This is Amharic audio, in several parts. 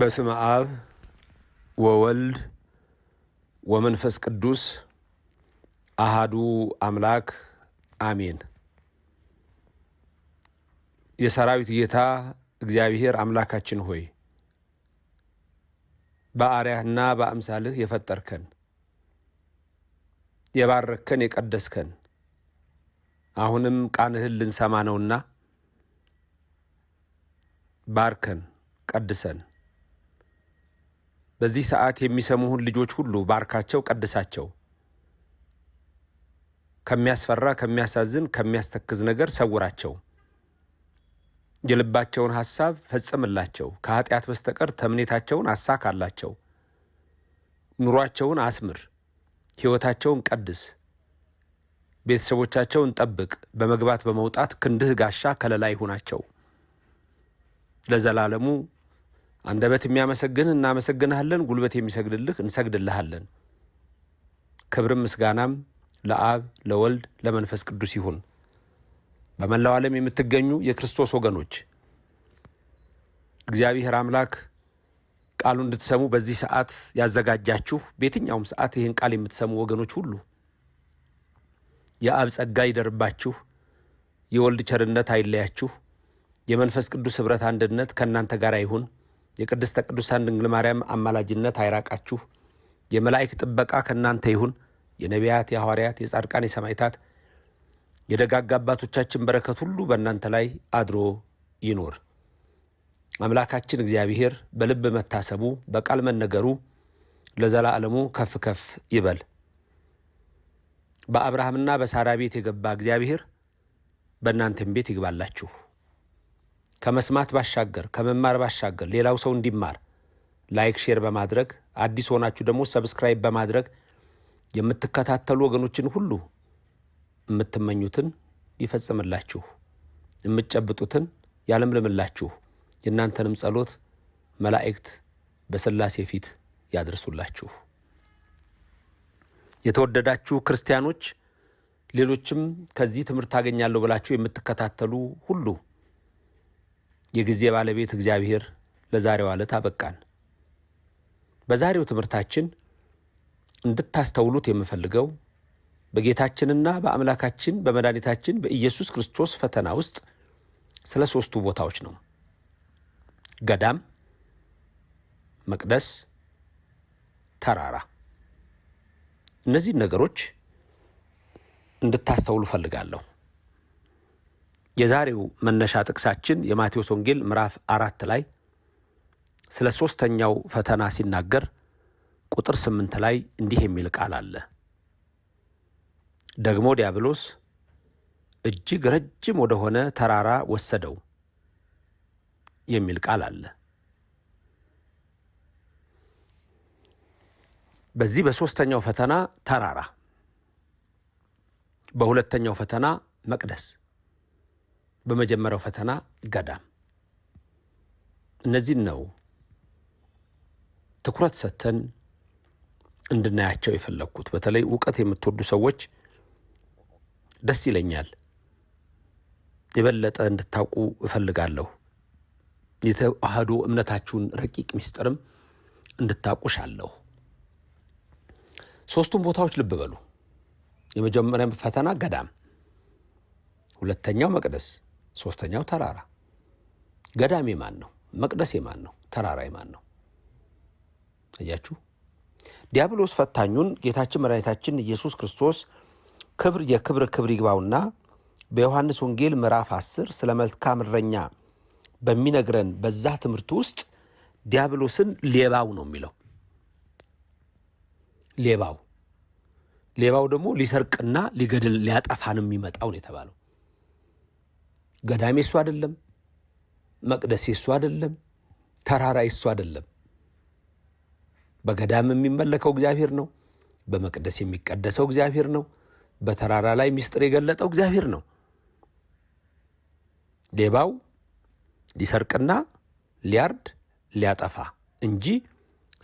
በስም አብ ወወልድ ወመንፈስ ቅዱስ አሃዱ አምላክ አሜን። የሰራዊት ጌታ እግዚአብሔር አምላካችን ሆይ በአርያህና በአምሳልህ የፈጠርከን የባረከን የቀደስከን አሁንም ቃንህን ልንሰማ ነውና ባርከን ቀድሰን በዚህ ሰዓት የሚሰሙህን ልጆች ሁሉ ባርካቸው፣ ቀድሳቸው። ከሚያስፈራ ከሚያሳዝን፣ ከሚያስተክዝ ነገር ሰውራቸው። የልባቸውን ሐሳብ ፈጽምላቸው። ከኃጢአት በስተቀር ተምኔታቸውን አሳካላቸው። ኑሯቸውን አስምር፣ ሕይወታቸውን ቀድስ፣ ቤተሰቦቻቸውን ጠብቅ። በመግባት በመውጣት ክንድህ ጋሻ ከለላ ይሁናቸው ለዘላለሙ አንደበት የሚያመሰግን እናመሰግንሃለን፣ ጉልበት የሚሰግድልህ እንሰግድልሃለን። ክብርም ምስጋናም ለአብ ለወልድ ለመንፈስ ቅዱስ ይሁን። በመላው ዓለም የምትገኙ የክርስቶስ ወገኖች እግዚአብሔር አምላክ ቃሉ እንድትሰሙ በዚህ ሰዓት ያዘጋጃችሁ በየትኛውም ሰዓት ይህን ቃል የምትሰሙ ወገኖች ሁሉ የአብ ጸጋ ይደርባችሁ፣ የወልድ ቸርነት አይለያችሁ፣ የመንፈስ ቅዱስ ኅብረት አንድነት ከእናንተ ጋር ይሁን። የቅድስተ ቅዱሳን ድንግል ማርያም አማላጅነት አይራቃችሁ። የመላእክት ጥበቃ ከእናንተ ይሁን። የነቢያት፣ የሐዋርያት፣ የጻድቃን፣ የሰማይታት፣ የደጋግ አባቶቻችን በረከት ሁሉ በእናንተ ላይ አድሮ ይኖር። አምላካችን እግዚአብሔር በልብ መታሰቡ በቃል መነገሩ ለዘላለሙ ከፍ ከፍ ይበል። በአብርሃምና በሳራ ቤት የገባ እግዚአብሔር በእናንተም ቤት ይግባላችሁ። ከመስማት ባሻገር ከመማር ባሻገር ሌላው ሰው እንዲማር ላይክ ሼር በማድረግ አዲስ ሆናችሁ ደግሞ ሰብስክራይብ በማድረግ የምትከታተሉ ወገኖችን ሁሉ የምትመኙትን ይፈጽምላችሁ፣ የምትጨብጡትን ያለምልምላችሁ፣ የእናንተንም ጸሎት መላእክት በስላሴ ፊት ያደርሱላችሁ። የተወደዳችሁ ክርስቲያኖች፣ ሌሎችም ከዚህ ትምህርት ታገኛለሁ ብላችሁ የምትከታተሉ ሁሉ የጊዜ ባለቤት እግዚአብሔር ለዛሬው ዕለት አበቃን። በዛሬው ትምህርታችን እንድታስተውሉት የምፈልገው በጌታችንና በአምላካችን በመድኃኒታችን በኢየሱስ ክርስቶስ ፈተና ውስጥ ስለ ሦስቱ ቦታዎች ነው። ገዳም፣ መቅደስ፣ ተራራ። እነዚህን ነገሮች እንድታስተውሉ እፈልጋለሁ። የዛሬው መነሻ ጥቅሳችን የማቴዎስ ወንጌል ምዕራፍ አራት ላይ ስለ ሦስተኛው ፈተና ሲናገር ቁጥር ስምንት ላይ እንዲህ የሚል ቃል አለ። ደግሞ ዲያብሎስ እጅግ ረጅም ወደሆነ ተራራ ወሰደው የሚል ቃል አለ። በዚህ በሦስተኛው ፈተና ተራራ፣ በሁለተኛው ፈተና መቅደስ በመጀመሪያው ፈተና ገዳም። እነዚህን ነው ትኩረት ሰጥተን እንድናያቸው የፈለግኩት። በተለይ እውቀት የምትወዱ ሰዎች ደስ ይለኛል። የበለጠ እንድታውቁ እፈልጋለሁ። የተዋህዶ እምነታችሁን ረቂቅ ምስጢርም እንድታቁሻለሁ። ሶስቱም ቦታዎች ልብ በሉ። የመጀመሪያ ፈተና ገዳም፣ ሁለተኛው መቅደስ ሶስተኛው ተራራ። ገዳሜ የማን ነው? መቅደስ የማን ነው? ተራራ የማን ነው? አያችሁ፣ ዲያብሎስ ፈታኙን ጌታችን መድኃኒታችን ኢየሱስ ክርስቶስ ክብር የክብር ክብር ይግባውና በዮሐንስ ወንጌል ምዕራፍ 10 ስለ መልካም እረኛ በሚነግረን በዛ ትምህርት ውስጥ ዲያብሎስን ሌባው ነው የሚለው። ሌባው ሌባው ደግሞ ሊሰርቅና ሊገድል ሊያጠፋ ነው የሚመጣው ነው የተባለው። ገዳሜ እሱ አይደለም፣ መቅደሴ እሱ አይደለም፣ ተራራ እሱ አይደለም። በገዳም የሚመለከው እግዚአብሔር ነው። በመቅደስ የሚቀደሰው እግዚአብሔር ነው። በተራራ ላይ ምስጢር የገለጠው እግዚአብሔር ነው። ሌባው ሊሰርቅና ሊያርድ ሊያጠፋ እንጂ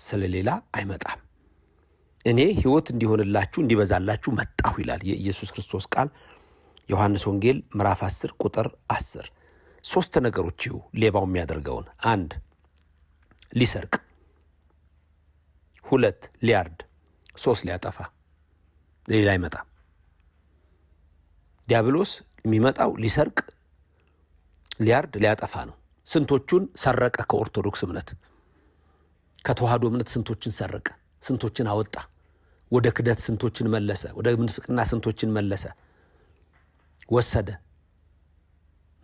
ስለሌላ አይመጣም። እኔ ሕይወት እንዲሆንላችሁ እንዲበዛላችሁ መጣሁ ይላል የኢየሱስ ክርስቶስ ቃል። ዮሐንስ ወንጌል ምዕራፍ 10 ቁጥር 10። ሶስት ነገሮች ይሁ ሌባው የሚያደርገውን፣ አንድ ሊሰርቅ፣ ሁለት ሊያርድ፣ ሶስት ሊያጠፋ፣ ሌላ አይመጣ። ዲያብሎስ የሚመጣው ሊሰርቅ፣ ሊያርድ፣ ሊያጠፋ ነው። ስንቶቹን ሰረቀ? ከኦርቶዶክስ እምነት ከተዋህዶ እምነት ስንቶችን ሰረቀ? ስንቶችን አወጣ? ወደ ክደት ስንቶችን መለሰ? ወደ ምንፍቅና ስንቶችን መለሰ? ወሰደ።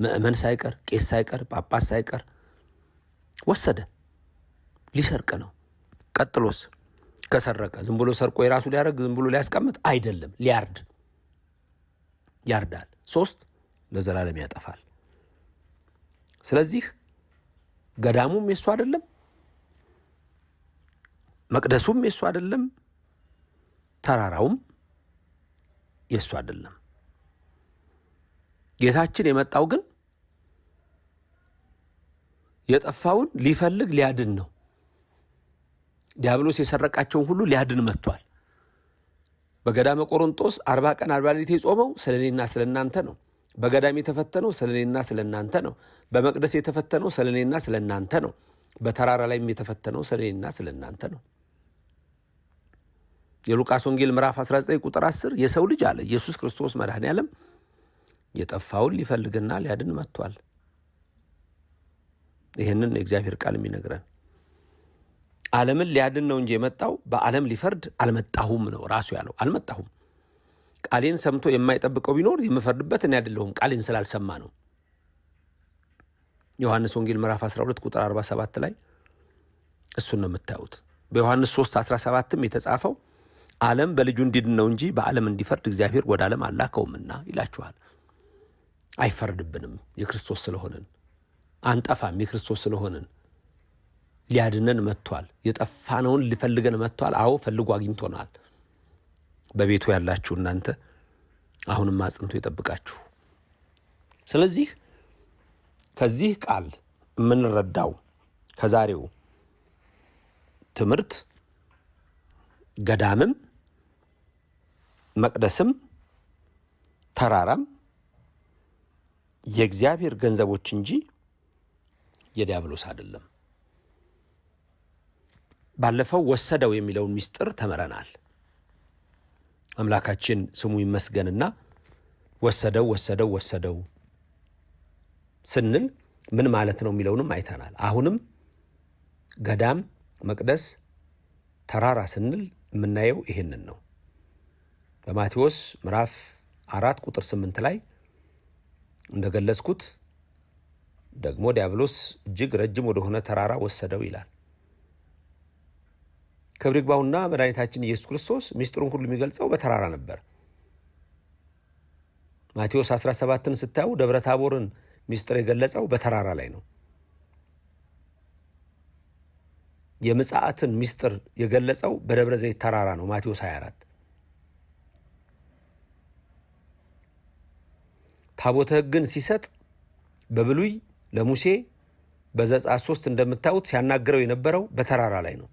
ምእመን ሳይቀር፣ ቄስ ሳይቀር፣ ጳጳስ ሳይቀር ወሰደ። ሊሰርቅ ነው። ቀጥሎስ ከሰረቀ ዝም ብሎ ሰርቆ የራሱ ሊያደርግ ዝም ብሎ ሊያስቀምጥ አይደለም፣ ሊያርድ ያርዳል። ሶስት ለዘላለም ያጠፋል። ስለዚህ ገዳሙም የሱ አይደለም፣ መቅደሱም የሱ አይደለም፣ ተራራውም የሱ አይደለም። ጌታችን የመጣው ግን የጠፋውን ሊፈልግ ሊያድን ነው። ዲያብሎስ የሰረቃቸውን ሁሉ ሊያድን መጥቷል። በገዳመ ቆሮንጦስ አርባ ቀን አርባ ሌሊት የጾመው ስለ እኔና ስለ እናንተ ነው። በገዳም የተፈተነው ስለ እኔና ስለ እናንተ ነው። በመቅደስ የተፈተነው ስለ እኔና ስለ እናንተ ነው። በተራራ ላይም የተፈተነው ስለ እኔና ስለ እናንተ ነው። የሉቃስ ወንጌል ምዕራፍ 19 ቁጥር 10 የሰው ልጅ አለ ኢየሱስ ክርስቶስ መድኃኔ ዓለም የጠፋውን ሊፈልግና ሊያድን መጥቷል። ይህንን የእግዚአብሔር ቃል የሚነግረን ዓለምን ሊያድን ነው እንጂ የመጣው በዓለም ሊፈርድ አልመጣሁም ነው ራሱ ያለው። አልመጣሁም ቃሌን ሰምቶ የማይጠብቀው ቢኖር የምፈርድበት እኔ አይደለሁም፣ ቃሌን ስላልሰማ ነው። ዮሐንስ ወንጌል ምዕራፍ 12 ቁጥር 47 ላይ እሱን ነው የምታዩት። በዮሐንስ 3 17ም የተጻፈው ዓለም በልጁ እንዲድን ነው እንጂ በዓለም እንዲፈርድ እግዚአብሔር ወደ ዓለም አላከውምና ይላችኋል። አይፈርድብንም። የክርስቶስ ስለሆንን አንጠፋም። የክርስቶስ ስለሆንን ሊያድነን መጥቷል። የጠፋነውን ሊፈልገን መጥቷል። አዎ ፈልጎ አግኝቶናል። በቤቱ ያላችሁ እናንተ አሁንም አጽንቶ ይጠብቃችሁ። ስለዚህ ከዚህ ቃል የምንረዳው ከዛሬው ትምህርት ገዳምም መቅደስም ተራራም የእግዚአብሔር ገንዘቦች እንጂ የዲያብሎስ አይደለም። ባለፈው ወሰደው የሚለውን ምስጢር ተምረናል። አምላካችን ስሙ ይመስገንና ወሰደው ወሰደው ወሰደው ስንል ምን ማለት ነው የሚለውንም አይተናል። አሁንም ገዳም፣ መቅደስ፣ ተራራ ስንል የምናየው ይህንን ነው። በማቴዎስ ምዕራፍ አራት ቁጥር ስምንት ላይ እንደገለጽኩት ደግሞ ዲያብሎስ እጅግ ረጅም ወደሆነ ተራራ ወሰደው ይላል። ክብር ይግባውና መድኃኒታችን ኢየሱስ ክርስቶስ ሚስጥሩን ሁሉ የሚገልጸው በተራራ ነበር። ማቴዎስ 17ን ስታዩ ደብረ ታቦርን ሚስጥር የገለጸው በተራራ ላይ ነው። የምጽአትን ሚስጥር የገለጸው በደብረ ዘይት ተራራ ነው ማቴዎስ 24 ታቦተ ሕግን ሲሰጥ በብሉይ ለሙሴ በዘጸአት ሶስት እንደምታዩት ሲያናግረው የነበረው በተራራ ላይ ነው።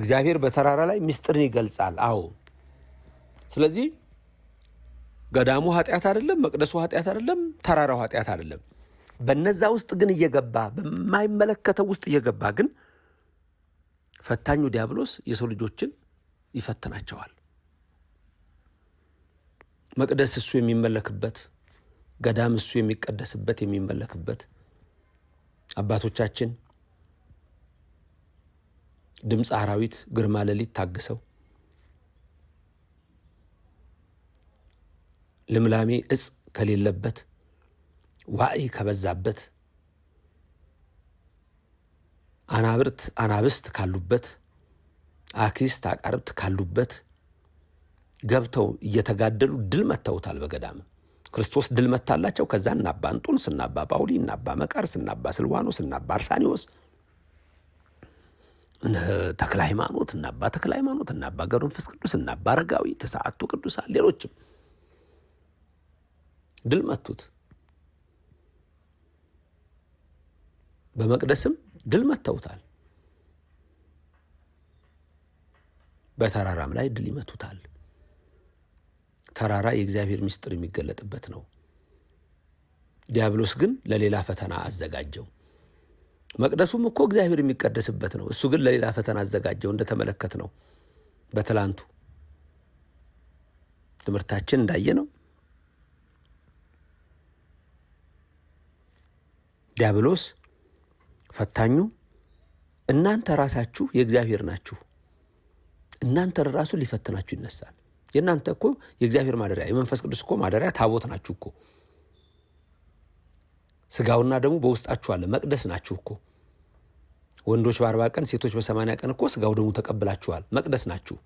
እግዚአብሔር በተራራ ላይ ምስጢርን ይገልጻል። አዎ። ስለዚህ ገዳሙ ኃጢአት አይደለም፣ መቅደሱ ኃጢአት አይደለም፣ ተራራው ኃጢአት አይደለም። በነዛ ውስጥ ግን እየገባ በማይመለከተው ውስጥ እየገባ ግን ፈታኙ ዲያብሎስ የሰው ልጆችን ይፈትናቸዋል። መቅደስ እሱ የሚመለክበት ገዳም እሱ የሚቀደስበት የሚመለክበት አባቶቻችን ድምፅ አራዊት ግርማ ሌሊት ታግሰው ልምላሜ እጽ ከሌለበት ዋይ ከበዛበት አናብርት አናብስት ካሉበት አክስት አቃርብት ካሉበት ገብተው እየተጋደሉ ድል መተውታል። በገዳም ክርስቶስ ድል መታላቸው። ከዛ እናባ እንጡንስ፣ እናባ ጳውሊ፣ እናባ መቃርስ፣ እናባ ስልዋኖስ፣ እናባ አርሳኒዎስ፣ ተክለ ሃይማኖት፣ እናባ ተክለ ሃይማኖት፣ እናባ ገብረመንፈስ ቅዱስ፣ እናባ አረጋዊ፣ ተስዓቱ ቅዱሳን፣ ሌሎችም ድል መቱት። በመቅደስም ድል መተውታል። በተራራም ላይ ድል ይመቱታል። ተራራ የእግዚአብሔር ምስጢር የሚገለጥበት ነው። ዲያብሎስ ግን ለሌላ ፈተና አዘጋጀው። መቅደሱም እኮ እግዚአብሔር የሚቀደስበት ነው። እሱ ግን ለሌላ ፈተና አዘጋጀው። እንደተመለከት ነው በትላንቱ ትምህርታችን እንዳየ ነው ዲያብሎስ ፈታኙ እናንተ ራሳችሁ የእግዚአብሔር ናችሁ፣ እናንተ ራሱ ሊፈትናችሁ ይነሳል። የእናንተ እኮ የእግዚአብሔር ማደሪያ የመንፈስ ቅዱስ እኮ ማደሪያ ታቦት ናችሁ እኮ ስጋውና ደግሞ በውስጣችሁ አለ መቅደስ ናችሁ እኮ ወንዶች በአርባ ቀን ሴቶች በሰማንያ ቀን እኮ ስጋው ደግሞ ተቀብላችኋል መቅደስ ናችሁ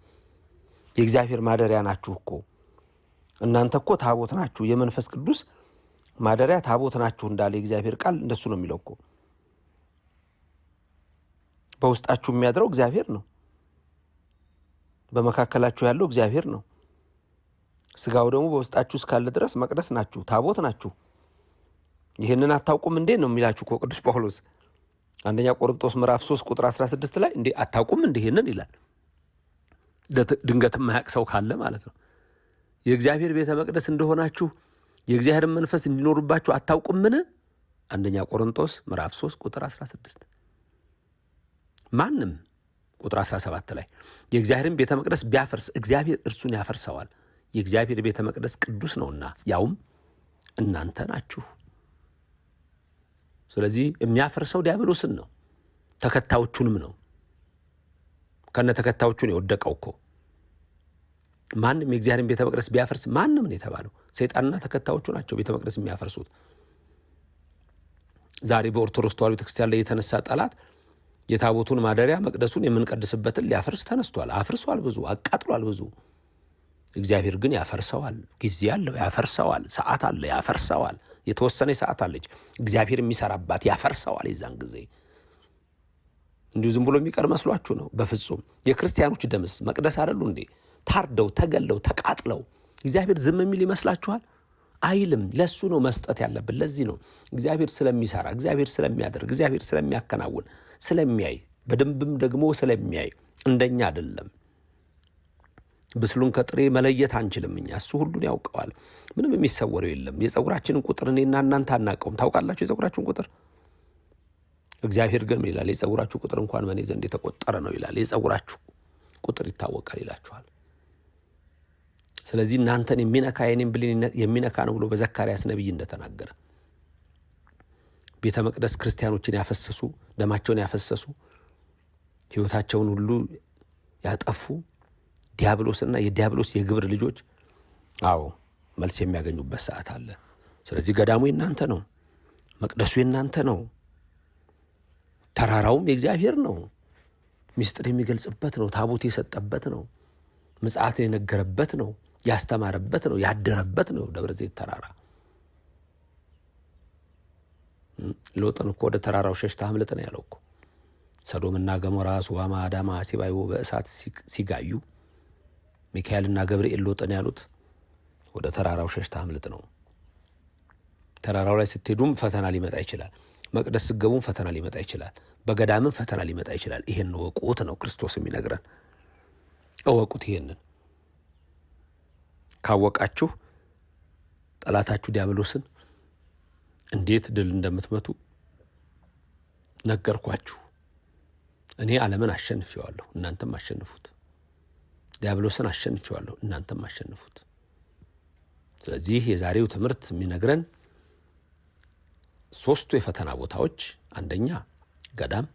የእግዚአብሔር ማደሪያ ናችሁ እኮ እናንተ እኮ ታቦት ናችሁ የመንፈስ ቅዱስ ማደሪያ ታቦት ናችሁ እንዳለ የእግዚአብሔር ቃል እንደሱ ነው የሚለው እኮ በውስጣችሁ የሚያድረው እግዚአብሔር ነው በመካከላችሁ ያለው እግዚአብሔር ነው ስጋው ደግሞ በውስጣችሁ እስካለ ድረስ መቅደስ ናችሁ፣ ታቦት ናችሁ። ይህንን አታውቁም እንዴ ነው የሚላችሁ እኮ ቅዱስ ጳውሎስ አንደኛ ቆሮንጦስ ምዕራፍ 3 ቁጥር 16 ላይ እንዴ አታውቁም እንዴ ይህንን ይላል። ድንገት የማያውቅ ሰው ካለ ማለት ነው። የእግዚአብሔር ቤተ መቅደስ እንደሆናችሁ የእግዚአብሔር መንፈስ እንዲኖሩባችሁ አታውቁምን? አንደኛ ቆሮንጦስ ምዕራፍ 3 ቁጥር 16 ማንም ቁጥር 17 ላይ የእግዚአብሔርን ቤተ መቅደስ ቢያፈርስ እግዚአብሔር እርሱን ያፈርሰዋል የእግዚአብሔር ቤተ መቅደስ ቅዱስ ነውና ያውም እናንተ ናችሁ። ስለዚህ የሚያፈርሰው ዲያብሎስን ነው፣ ተከታዮቹንም ነው። ከነ ተከታዮቹ ነው የወደቀው እኮ። ማንም የእግዚአብሔር ቤተ መቅደስ ቢያፈርስ ማንም ነው የተባለው፣ ሰይጣንና ተከታዮቹ ናቸው ቤተ መቅደስ የሚያፈርሱት። ዛሬ በኦርቶዶክስ ተዋሕዶ ቤተክርስቲያን ላይ የተነሳ ጠላት የታቦቱን ማደሪያ መቅደሱን የምንቀድስበትን ሊያፈርስ ተነስቷል። አፍርሷል፣ ብዙ አቃጥሏል፣ ብዙ እግዚአብሔር ግን ያፈርሰዋል። ጊዜ አለው፣ ያፈርሰዋል። ሰዓት አለ፣ ያፈርሰዋል። የተወሰነ ሰዓት አለች እግዚአብሔር የሚሰራባት፣ ያፈርሰዋል። የዛን ጊዜ እንዲሁ ዝም ብሎ የሚቀር መስሏችሁ ነው? በፍጹም የክርስቲያኖች ደምስ መቅደስ አይደሉ እንዴ? ታርደው ተገለው ተቃጥለው እግዚአብሔር ዝም የሚል ይመስላችኋል? አይልም። ለሱ ነው መስጠት ያለብን። ለዚህ ነው እግዚአብሔር ስለሚሰራ፣ እግዚአብሔር ስለሚያደርግ፣ እግዚአብሔር ስለሚያከናውን፣ ስለሚያይ በደንብም ደግሞ ስለሚያይ እንደኛ አይደለም። ብስሉን ከጥሬ መለየት አንችልም እኛ። እሱ ሁሉን ያውቀዋል። ምንም የሚሰወረው የለም። የጸጉራችንን ቁጥር እኔና እናንተ አናውቀውም። ታውቃላችሁ የጸጉራችን ቁጥር? እግዚአብሔር ግን ምን ይላል? የጸጉራችሁ ቁጥር እንኳን በእኔ ዘንድ የተቆጠረ ነው ይላል። የጸጉራችሁ ቁጥር ይታወቃል ይላችኋል። ስለዚህ እናንተን የሚነካ የኔም ብሌን የሚነካ ነው ብሎ በዘካርያስ ነቢይ እንደተናገረ ቤተ መቅደስ ክርስቲያኖችን ያፈሰሱ፣ ደማቸውን ያፈሰሱ፣ ህይወታቸውን ሁሉ ያጠፉ ዲያብሎስና የዲያብሎስ የግብር ልጆች አዎ መልስ የሚያገኙበት ሰዓት አለ። ስለዚህ ገዳሙ የእናንተ ነው፣ መቅደሱ የእናንተ ነው፣ ተራራውም የእግዚአብሔር ነው። ምስጢር የሚገልጽበት ነው። ታቦት የሰጠበት ነው። ምጽአት የነገረበት ነው። ያስተማረበት ነው። ያደረበት ነው። ደብረ ዘይት ተራራ ሎጥን እኮ ወደ ተራራው ሸሽታ አምልጥ ነው ያለው እኮ ሰዶምና ገሞራ፣ ሱባማ፣ አዳማ፣ ሲባይቦ በእሳት ሲጋዩ ሚካኤልና ገብርኤል ሎጥን ያሉት ወደ ተራራው ሸሽታ አምልጥ ነው። ተራራው ላይ ስትሄዱም ፈተና ሊመጣ ይችላል። መቅደስ ስገቡም ፈተና ሊመጣ ይችላል። በገዳምም ፈተና ሊመጣ ይችላል። ይሄን እወቁት ነው ክርስቶስ የሚነግረን። እወቁት። ይሄንን ካወቃችሁ ጠላታችሁ ዲያብሎስን እንዴት ድል እንደምትመቱ ነገርኳችሁ። እኔ ዓለምን አሸንፌዋለሁ፣ እናንተም አሸንፉት። ዲያብሎስን አሸንፊዋለሁ እናንተም አሸንፉት። ስለዚህ የዛሬው ትምህርት የሚነግረን ሶስቱ የፈተና ቦታዎች አንደኛ ገዳም፣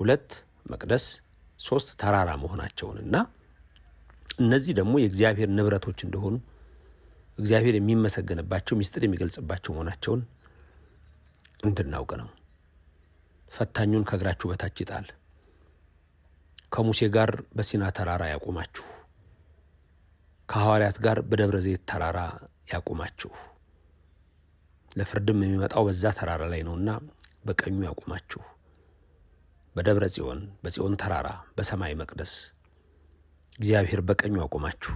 ሁለት መቅደስ፣ ሶስት ተራራ መሆናቸውንና እነዚህ ደግሞ የእግዚአብሔር ንብረቶች እንደሆኑ እግዚአብሔር የሚመሰገንባቸው ሚስጥር የሚገልጽባቸው መሆናቸውን እንድናውቅ ነው። ፈታኙን ከእግራችሁ በታች ይጣል። ከሙሴ ጋር በሲና ተራራ ያቁማችሁ፣ ከሐዋርያት ጋር በደብረ ዘይት ተራራ ያቁማችሁ። ለፍርድም የሚመጣው በዛ ተራራ ላይ ነውና በቀኙ ያቁማችሁ። በደብረ ጽዮን፣ በጽዮን ተራራ፣ በሰማይ መቅደስ እግዚአብሔር በቀኙ ያቁማችሁ።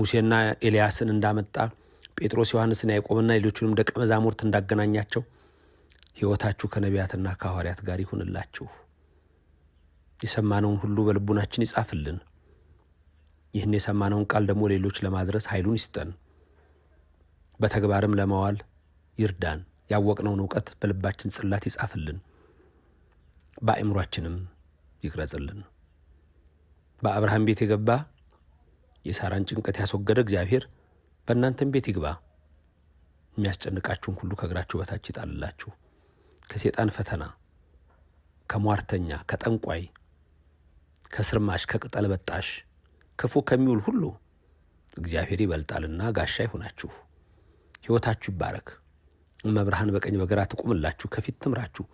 ሙሴና ኤልያስን እንዳመጣ ጴጥሮስ ዮሐንስን፣ ያዕቆብና ሌሎቹንም ደቀ መዛሙርት እንዳገናኛቸው ሕይወታችሁ ከነቢያትና ከሐዋርያት ጋር ይሁንላችሁ። የሰማነውን ሁሉ በልቡናችን ይጻፍልን። ይህን የሰማነውን ቃል ደግሞ ሌሎች ለማድረስ ኃይሉን ይስጠን፣ በተግባርም ለመዋል ይርዳን። ያወቅነውን እውቀት በልባችን ጽላት ይጻፍልን፣ በአእምሯችንም ይቅረጽልን። በአብርሃም ቤት የገባ የሳራን ጭንቀት ያስወገደ እግዚአብሔር በእናንተም ቤት ይግባ፣ የሚያስጨንቃችሁን ሁሉ ከእግራችሁ በታች ይጣልላችሁ። ከሴጣን ፈተና፣ ከሟርተኛ፣ ከጠንቋይ፣ ከስርማሽ፣ ከቅጠል በጣሽ ክፉ ከሚውል ሁሉ እግዚአብሔር ይበልጣልና ጋሻ ይሆናችሁ ሕይወታችሁ ይባረክ። እመብርሃን በቀኝ በግራ ትቁምላችሁ፣ ከፊት ትምራችሁ፣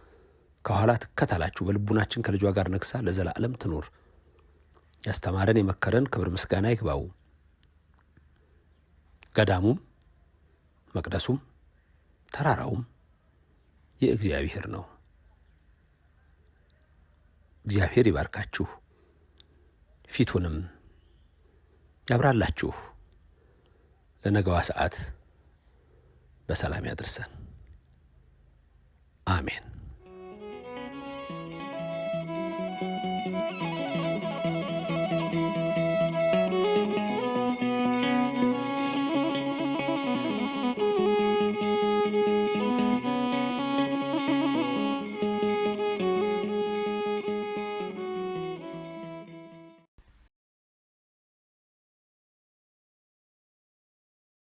ከኋላ ትከታላችሁ። በልቡናችን ከልጇ ጋር ነግሳ ለዘላለም ትኖር። ያስተማረን የመከረን ክብር ምስጋና ይግባው። ገዳሙም መቅደሱም ተራራውም የእግዚአብሔር ነው። እግዚአብሔር ይባርካችሁ፣ ፊቱንም ያብራላችሁ፣ ለነገዋ ሰዓት በሰላም ያድርሰን። አሜን።